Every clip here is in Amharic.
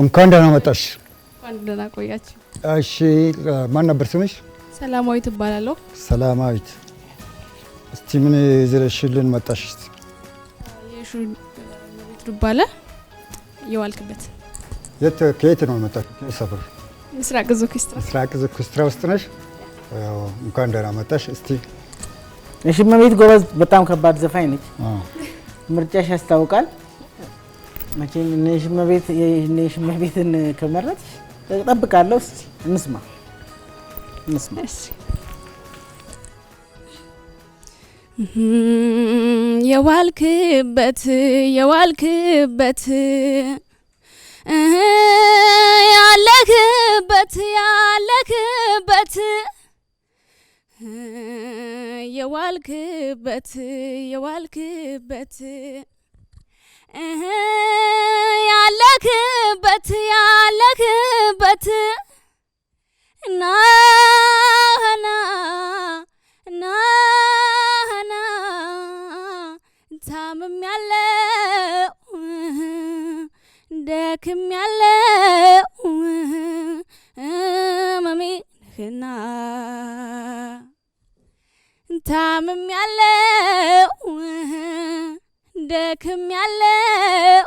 እንኳን ደህና መጣሽ። እንኳን ደህና ቆያችሁ። እሺ፣ ማን ነበር ስምሽ? ሰላማዊት እባላለሁ። ሰላማዊት፣ እስቲ ምን ይዘሽልን መጣሽ? እስቲ የሹ ዱባለ የዋልክበት የት ከየት ነው መጣሽ? ሰፈር ምስራቅ ዙክስትራ። ምስራቅ ዙክስትራ ውስጥ ነሽ? እንኳን ደህና መጣሽ። እስቲ እሺ፣ እመቤት ጎበዝ፣ በጣም ከባድ ዘፋኝ ነች። ምርጫሽ ያስታውቃል። መቼም እመቤትን ከመረት እጠብቃለሁ። እስኪ እንስማ እንስማ። የዋልክበት የዋልክበት ያለክበት ያለክበት የዋልክበት የዋልክበት ያለክበት ያለክበት ናና ናና ታምም ያለው ደክም ያለው መሜ ነህና ታምም ያለው ደክም ያለው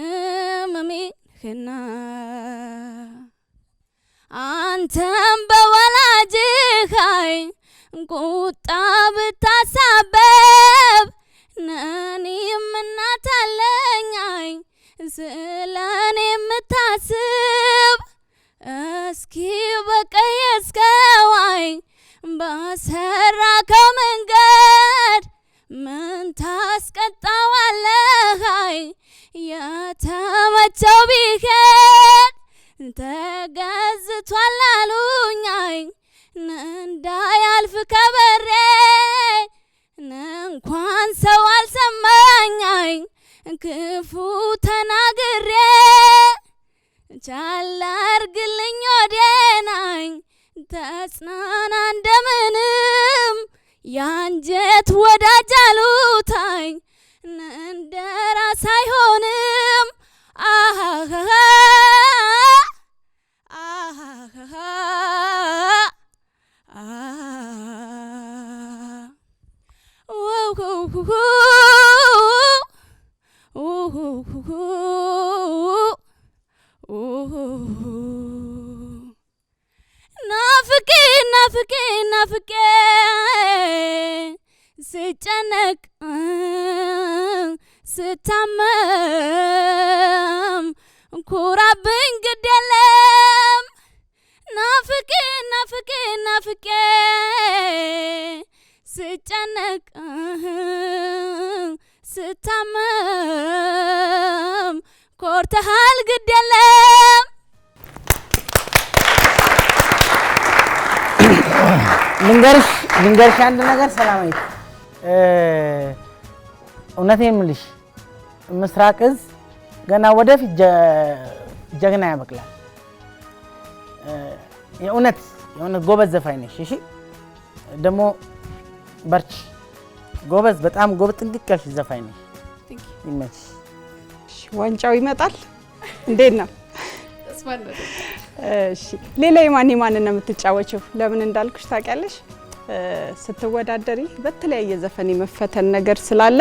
እመሜንህና አንተም በወላጅህ ቁጣ ብታሳበ ተወቸው ቢሄድ ተገዝቷል አሉኛኝ እንዳያልፍ ከበሬ እንኳን ሰው አልሰማኛኝ ክፉ ተናግሬ ቻል ወዴናኝ ተጽናና እንደምንም ያንጀት ወዳጅ አሉታኝ እንደ ራስ አይሆንም ናፍቄ ናፍቄ ናፍቄ ስጨነቅ ስታመም ኩራብኝ ግድ የለም ናፍቄ ናፍቄ ናፍቄ ስጨነቅ ስታመም ኮርተሃል፣ ግድ የለም። ልንገርሽ ልንገርሽ አንድ ነገር ሰላማዊት፣ እውነቴን የምልሽ ምስራቅ እዝ ገና ወደፊት ጀግና ያበቅላል። የእውነት የእውነት ጎበዝ ዘፋኝ ነሽ። እሺ ደግሞ በርች። ጎበዝ፣ በጣም ጎበዝ፣ ጥንቅቅ ያልሽ ዘፋኝ ነው። ይመችሽ። ዋንጫው ይመጣል። እንዴት ነው? እሺ፣ ሌላ የማን የማንን ነው የምትጫወችው? ለምን እንዳልኩሽ ታውቂያለሽ? ስትወዳደሪ በተለያየ ዘፈን የመፈተን ነገር ስላለ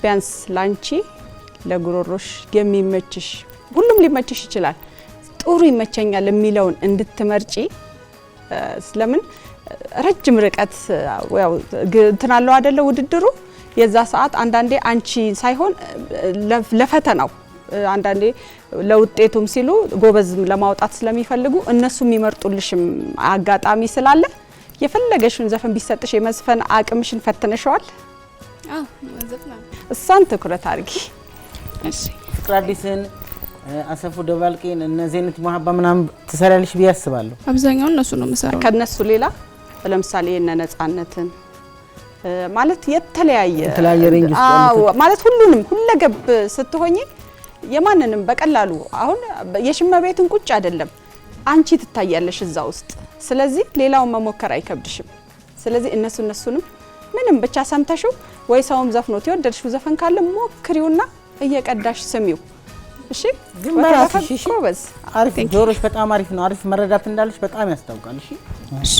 ቢያንስ ላንቺ ለጉሮሮሽ የሚመችሽ ሁሉም ሊመችሽ ይችላል፣ ጥሩ ይመቸኛል የሚለውን እንድትመርጪ ስለምን ረጅም ርቀት ያው እንትን አለው አይደለ? ውድድሩ የዛ ሰዓት አንዳንዴ አንቺ ሳይሆን ለፈተናው አንዳንዴ ለውጤቱም ሲሉ ጎበዝም ለማውጣት ስለሚፈልጉ እነሱ የሚመርጡልሽም አጋጣሚ ስላለ የፈለገሽን ዘፈን ቢሰጥሽ የመዝፈን አቅምሽን ፈትነሸዋል። እሷን ትኩረት አድርጊ። ፍቅር አዲስን አሰፉ ደባልቄን እነ ዜኒት መሀባ ምናምን ትሰሪያለሽ ብዬ አስባለሁ። አብዛኛውን እነሱ ነው የምሰራው። ከነሱ ሌላ ለምሳሌ እነ ነጻነትን ማለት የተለያየ የተለያየ ሬንጅ ማለት ሁሉንም ሁለገብ ስትሆኝ የማንንም በቀላሉ አሁን የሽመቤትን ቁጭ አይደለም አንቺ ትታያለሽ እዛ ውስጥ። ስለዚህ ሌላውን መሞከር አይከብድሽም። ስለዚህ እነሱ እነሱንም ምንም ብቻ ሰምተሽው ወይ ሰውም ዘፍኖት የወደድሽው ዘፈን ካለ ሞክሪውና እየቀዳሽ ስሚው። እሺ ግን በራስሽ እሺ። ጆሮሽ በጣም አሪፍ ነው። አሪፍ መረዳት እንዳለሽ በጣም ያስታውቃል። እሺ እሺ